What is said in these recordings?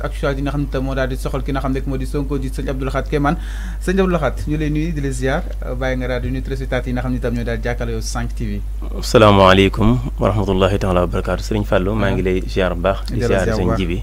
am ak choix yi nga xam ne moo daal di soxal ki nga xam ne moo di Sonko di sëñ Abdou Lahad Kémane sëñ Abdou Lahad ñu lay nuyu di la ziar bàyyi nga raadu nuyu téléspectateurs yi nga xam ne tam ñoo daal di jàkkaarloo yow 5 TV. salaamaaleykum wa wa barakaatu sëriñ Fallou maa ngi lay ziar bu baax. di ziar sëñ ji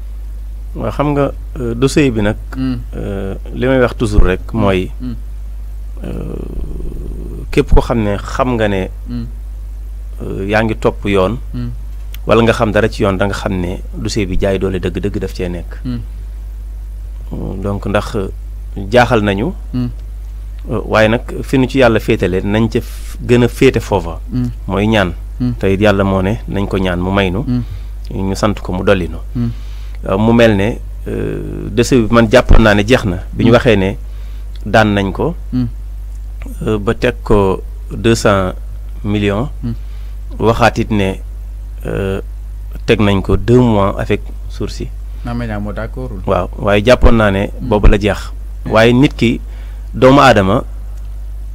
waaw xam nga euh, dossier bi nag. Mm. Euh, li may wax toujours rek mm. mooy. Mm. Euh, képp ko xam ne xam nga ne. yaa ngi topp yoon. wala nga xam dara ci yoon danga xam ne dossier bi jaay doole dëgg-dëgg daf cee nekk. donc ndax jaaxal nañu. waaye nag fi nu ci yàlla féetale nañ ca gën a féete foofa. mooy ñaan. te yàlla moo ne nañ ko ñaan mu may ñu sant ko mu dolli Euh, mu mel ne euh, dese bi man jàppoon naa ne jeex na bi ñu mm. waxee ne daan nañ ko mm. euh, ba teg ko deux cent millions mm. waxaatit ne teg nañ ko deux mois avec sursis moo d'accordul waaye jàppoon naa ne boobu la jeex waaye nit ki doomu aadama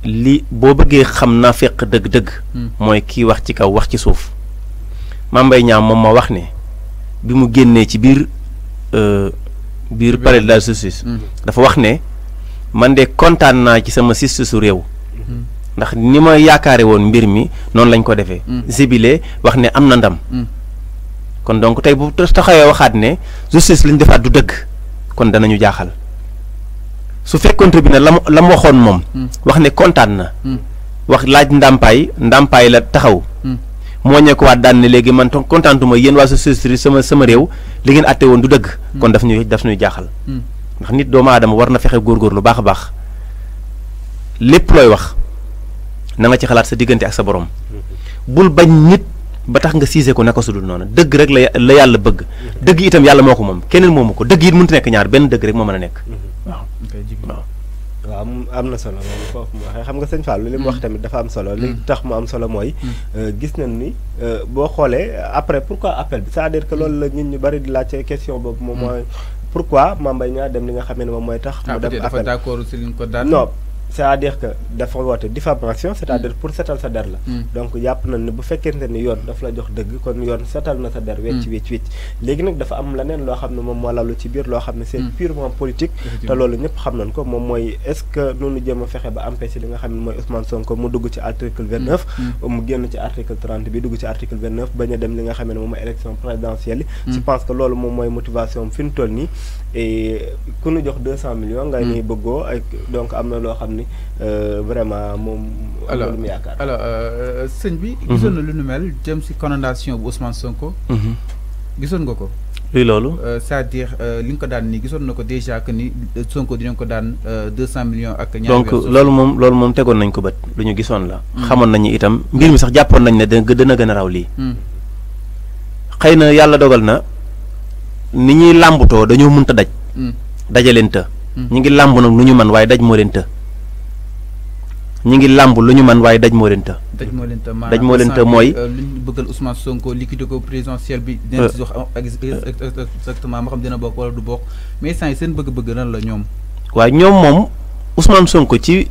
li boo bëggee xam naa fekk dëgg-dëgg mooy kii wax ci kaw wax ci suuf Mame Mbaye moom ma wax ne bi mu génnee ci biir Euh, biir palais de la justice mm-hmm. dafa wax ne man de kontaan naa ci sama justice su réew mm-hmm. ndax ni ma yaakaare woon mbir mi noonu lañ ko defee jibile mm-hmm. wax ne am na ndam kon donc tey bu taxawee waxaat ne justice li ñu defaat du dëgg kon danañu jaaxal su fekkonte bi ne la mu la mu waxoon moom wax ne kontaan na wax laaj ndàmpaay ndàmpaay la taxaw moo ñee waat daan ne léegi man contentuma yéen waa société sama sama réew li ngeen àtte woon du dëgg hmm. kon daf ñuy daf ñuy jaaxal hmm. ndax nit doomu aadama war na fexe góorgóor lu baax baax lépp looy wax nanga nga ci xalaat sa diggante ak sa borom bul bañ nit ba tax nga siise ko naka su dul noonu dëgg rek la la yàlla bëgg dëgg itam yàlla moo ko moom keneen moomu ko dëgg it mënut nekk ñaar benn dëgg rek moo mën a nekk hmm. waaw waaw am am na solo moom foofu mu waxee xam nga sëñ Fallou li mu wax mm. tamit dafa am solo mm. li tax mu am solo mooy mm. euh, gis nañ ni euh, boo xoolee après pourquoi appel bi c'est-à-dire loolu la nit ñu bari di laajte question boobu moom mooy pourquoi Mame Mbaye Niang dem li nga xam ne moom mooy tax mu ah, def appel d'accord ko daan c'est-à-dire que dafa woote diffamation c'est-à-dire mm. pour sétal sa der la mm. donc jàpp nañ ne bu fekkente ni yoon daf la jox deug kon yoon sétal na sa der wecc mm. wecc wecc légui nak dafa am leneen lo xam mom mo moo lalu ci biir lo xam c'est purement politique te lolu ñep xam nañ ko mom moy est-ce que nonu jéem fexé fexe ba empêcher li nga xam moy Ousmane Sonko mu dugg ci article 29 mu génn ci article 30 bi dugg ci article 29 baña dem li nga xam mom élection présidentielle je pense que lolu mom moy motivation fi mu toll nii et ku ñu jox 200 millions nga ni bëggo donc amna lo loo Euh, vraiment moom. alors lu mu yaakaar alors euh, sëñ bi. Mhm. gisoon na lu nu mel jëm si condamnation bu Ousmane Sonko. Mhm. gisoon nga ko. luy loolu. Euh, cest à li nga ko daan nii gisoon na ko déjà que ni Sonko dinañ ko daan deux cent millions ak. ñaar donc loolu moom loolu moom tegoon nañ ko bët lu ñu gisoon la. Mhm. xamoon nañu itam mbir mi sax jàppoon nañ ne dana gën a raw lii. xëy na yàlla dogal na ni ñuy làmbutoo dañoo mënta daj. dajaleen të. ñu ngi làmb nag nu ñu man waaye daj moo leen të. ñi ngi lamb luñu man waaye daj mo len te daj moo leen të daj moo leen të mooy. Euh, li bëggal Ousmane Sonko liquide ko présidentiel bi. dina euh. ci wax exactement ma xam dina bok wala du bok mais sans yi seen bëgg-bëgg nan la ñom wa ñom mom Ousmane Sonko ci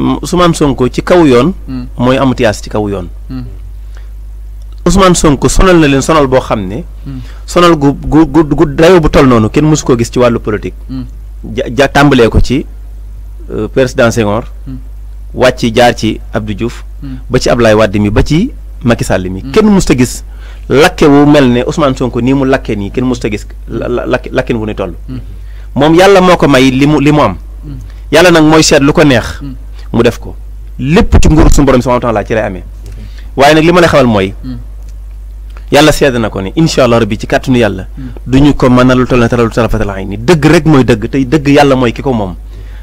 Ousmane Sonko ci kaw yoon. moy hmm. mooy yas ci kaw yoon. Hmm. Ousmane Sonko sonal na len sonal bo xamne hmm. sonal gu gu gu dayo bu tol nonu ken musuko gis ci walu politique. ja ja ko ci euh, président Senghor. wàcc jaar ci Abdou Diouf. Hmm. ba ci ab Ablaye Wade mi ba ci Macky Sall mi. Hmm. kenn musta gis lakke wu mel ne Ousmane Sonko nii mu lakke nii kenn musta gis lakke lakken wu ni toll. Hmm. moom yàlla moo ko may li mu li mu am. yàlla nag mooy seet lu ko neex. mu def ko lépp ci nguur suñu borom subhaanahu wa taala ci lay amee. waaye nag li ma lay xamal mooy. yàlla sedd na ko ne incha allah rabbi ci kàttanu yàlla. du ñu ko mën a lu toll ne talalu tarafatal ayni dëgg rek mooy dëgg tey dëgg yàlla ki ko moom.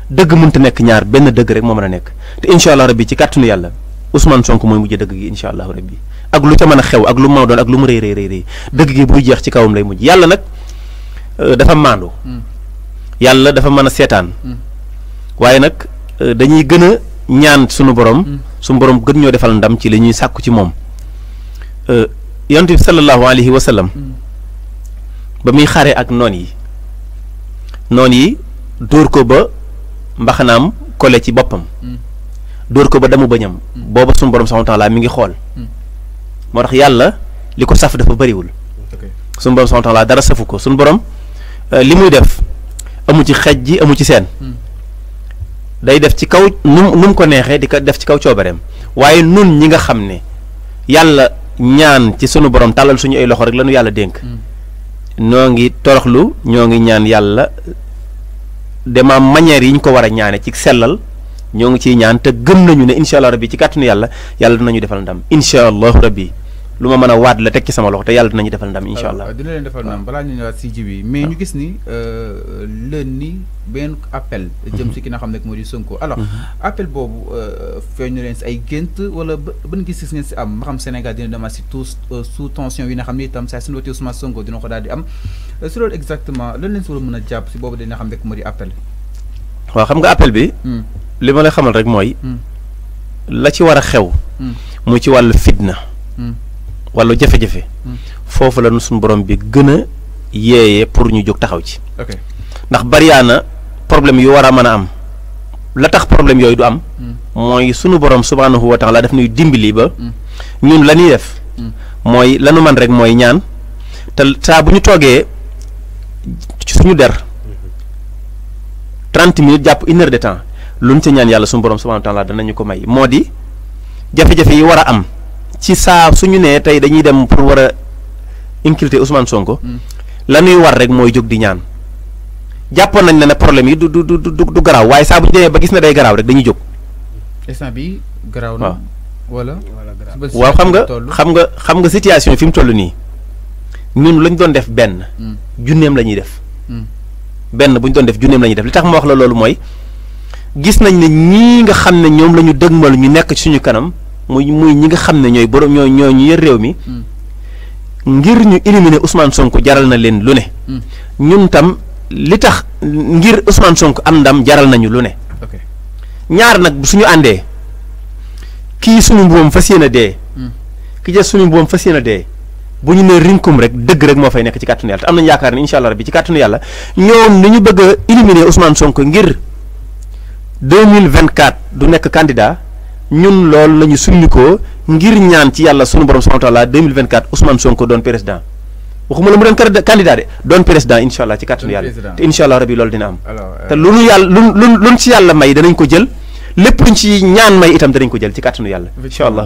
dëgg mënta nekk ñaar benn dëgg rek moo mën a nekk te incha allah rabbi ci kàttanu yàlla Ousmane Sonko mooy mujj dëgg gi incha allah rabbi ak lu ca mën a xew ak lu mu mën a doon ak lu mu rëy rëy rëy dëgg gi buy jeex ci kawam lay mujj yàlla nag euh, dafa maandu. Hmm. yàlla dafa mën a seetaan. Hmm. waaye nag euh, dañuy gën a ñaan sunu borom. Hmm. sunu borom gën ñoo defal ndam ci li ñuy sàkku ci moom. Euh, yonent bi sallallahu alayhi wa ba muy xare ak noon yi noon yi dóor ko ba. mbaxanaam kole ci bopam door ko ba damu bañam booba sun borom subhanahu wa taala mi ngi xol motax yalla liko saf dafa wul sun borom subhanahu wa taala dara safu ko borom euh, li def amu ci xej ji amu ci sen day def ci kaw num num ko neexee di ko def ci kaw coobareem waye nun ñi nga xam yalla ñaan ci sunu borom talal suñu ay loxo rek la yalla. denk ñongi mm. toroxlu ñongi ñaan yalla de maam yi ñu ko war a ñaane ci sellal ñoo ngi ciy ñaan te gëm nañu ne incha allah rabbi ci kàttanu yàlla yàlla dinañu defal ndam incha allahu rabbi lu ma mën a waat la teg ci sama loxo te yàlla dinañu defal ndam incha allah dina leen defal ndam balaa ñu ñëwaat si ji bi mais ñu gis ni euh, leen ni benn appel mhm. jëm si ki na xam ne moo di Sonko alors mhm. appel boobu euh, feeñ na leen si ay gént wala ban gis-gis ne si am ma xam Sénégal dina demaat si tous euh, sous tension yi nga xam ni itam saa suñu wotee Ousmane Sonko dina ko daal di am si loolu exactement lan leen si war a mën a jàpp si boobu dina xam ne moo di appel xam nga appel bi hmm. li ma lay xamal rek mooy hmm. la ci war a xew hmm. mu ci wàllu fitna wala jafe-jafe hmm. foofu la nu suñu borom bi gën a yeeyee pour ñu jóg taxaw ci ndax bariyaa na problème yu wara a am la tax problème yooyu du am hmm. mooy sunu borom subhanahu wa taala daf nuy dimbali ba hmm. ñun la ñuy def mooy lanu man rek mooy ñaan te saa bu ñu toogee ci suñu der trente minutes jàpp une heure de temps lu ñu ca ñaan yàlla sunu borom subhanahu wa taala danañu ko may di jafe-jafe yi war am ci saa suñu nee tey dañuy dem pour war a inculter Ousmane Sonko. Hmm. la war rek mooy jóg di ñaan. jàppoon nañ ne ne problème yi du du du garaaw waaye saa bu ñu demee ba gis na day garaaw rek dañuy jóg. instant bi garaaw na. wala waaw xam nga xam nga xam nga situation fi mu toll nii ñun lañ doon def benn. Hmm. junneem la ñuy def. Hmm. benn bu ñu doon def junneem la ñuy def li tax ma wax la loolu mooy gis nañ ne ñii nga xam ne ñoom la ñu dëgmal ñu nekk ci suñu kanam. muy muy ñi nga xam ne ñooy borom ñooy ñoo ñu yër réew mi hmm. ngir ñu éliminer usmaan sonk jaral na leen lu ne hmm. ñun tam li tax ngir Ousmane sonk am ndam jaral nañu lu ne ñaar nag suñu àndee kii suñu mbuum fas yéene dee hmm. ki ja suñu mbuum fas yéene dee bu ñu nee rinkum rek dëgg rek moo fay nekk ci kàttanu yàlla te am nañu yaakaar ne incha allah rabbi ci kàttanu yàlla ñoom ni ñu bëgg a éliminer Ousmane Sonko ngir 2024 du nekk candidat ñun loolu la ñu ko ngir ñaan ci yàlla sunu borom subhanahu wa taala 2024 Ousmane Sonko doon président waxuma la mu doon candidat de doon président incha allah ci kàttanu yàlla te incha allah rabi loolu dina am. Euh, te lu nu yàlla lu lu ci yàlla may danañ ko jël lépp luñ ci ñaan may itam danañ ko jël ci kàttanu yàlla. incha allah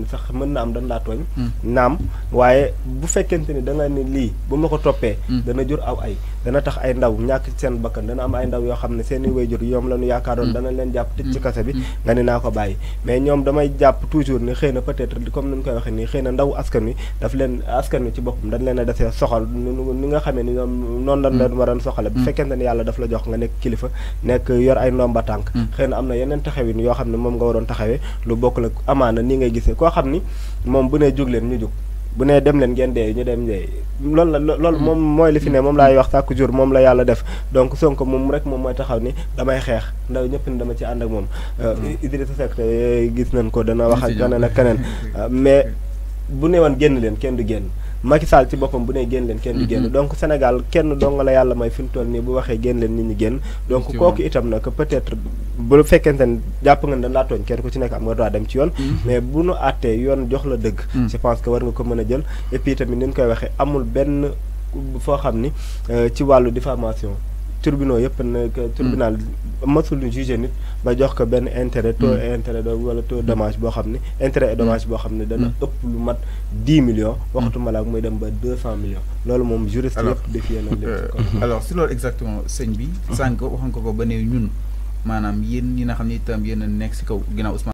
ne sax mën na am dañ laa tooñ hmm. naam waaye bu fekkente ni danga ne lii bu ma ko toppee hmm. dana jur aw ay dana tax ay ndaw ñàkk ci seen bakkan dana am ay ndaw yoo xam ne seen i wayjur yoom la ñu yaakaaroon mm. dana leen jàpp tëj ci mm. kase bi mm. nga ni naa ko bàyyi mais ñoom damay jàpp toujours ni xëy na peut-être comme ni ñu koy waxee xëy na ndaw askan wi daf leen askan wi ci boppam dañ leen a desee soxal ni nga xamee ni ñoom noonu lañ leen waroon soxale bu fekkente ne yàlla daf la jox nga nekk kilifa nekk yor ay ndomba tànk xëy na am na yeneen taxawin yoo xam ne moom nga waroon taxawee lu bokk la amaana ni ngay gisee koo xam ni moom bu ne jóg ñu jóg bu nee dem leen ngeen dee ñu dem dee loolu la lool moom mooy li fi ne moom laay wax chaque jour moom la yàlla def donc Sonko moom rek moom mooy taxaw ni damay xeex ndaw ñëpp ni dama ci ànd ak moom. Euh, mm. Idrissa Seck gis nañ ko dana wax ak. dana nag keneen euh, mais bu ne woon génn leen kenn du génn. Macky Sall ci boppam bu ne génn leen kenn di génn mm-hmm. donc Sénégal kenn dong la yàlla may fi mu nii bu waxee génn leen nit ñi génn donc kooku itam nag peut-être bu fekkente ne jàpp nga ne dañ laa tooñ kenn ku ci nekk am nga droit dem ci yoon mm-hmm. mais bu nu àttee yoon jox la dëgg mm-hmm. je pense que war nga ko mën a jël et puis tamit ni ñu koy waxee amul benn foo xam ni euh, ci wàllu diffamation tribunaux yëpp hmm. tribunal masul ñu jugé nit ba jox ko intérêt hmm. intérêt wala intérêt et dommage millions millions euh, alors si exactement sëñ bi hmm. sànq waxan ko ko ba ñun a kaw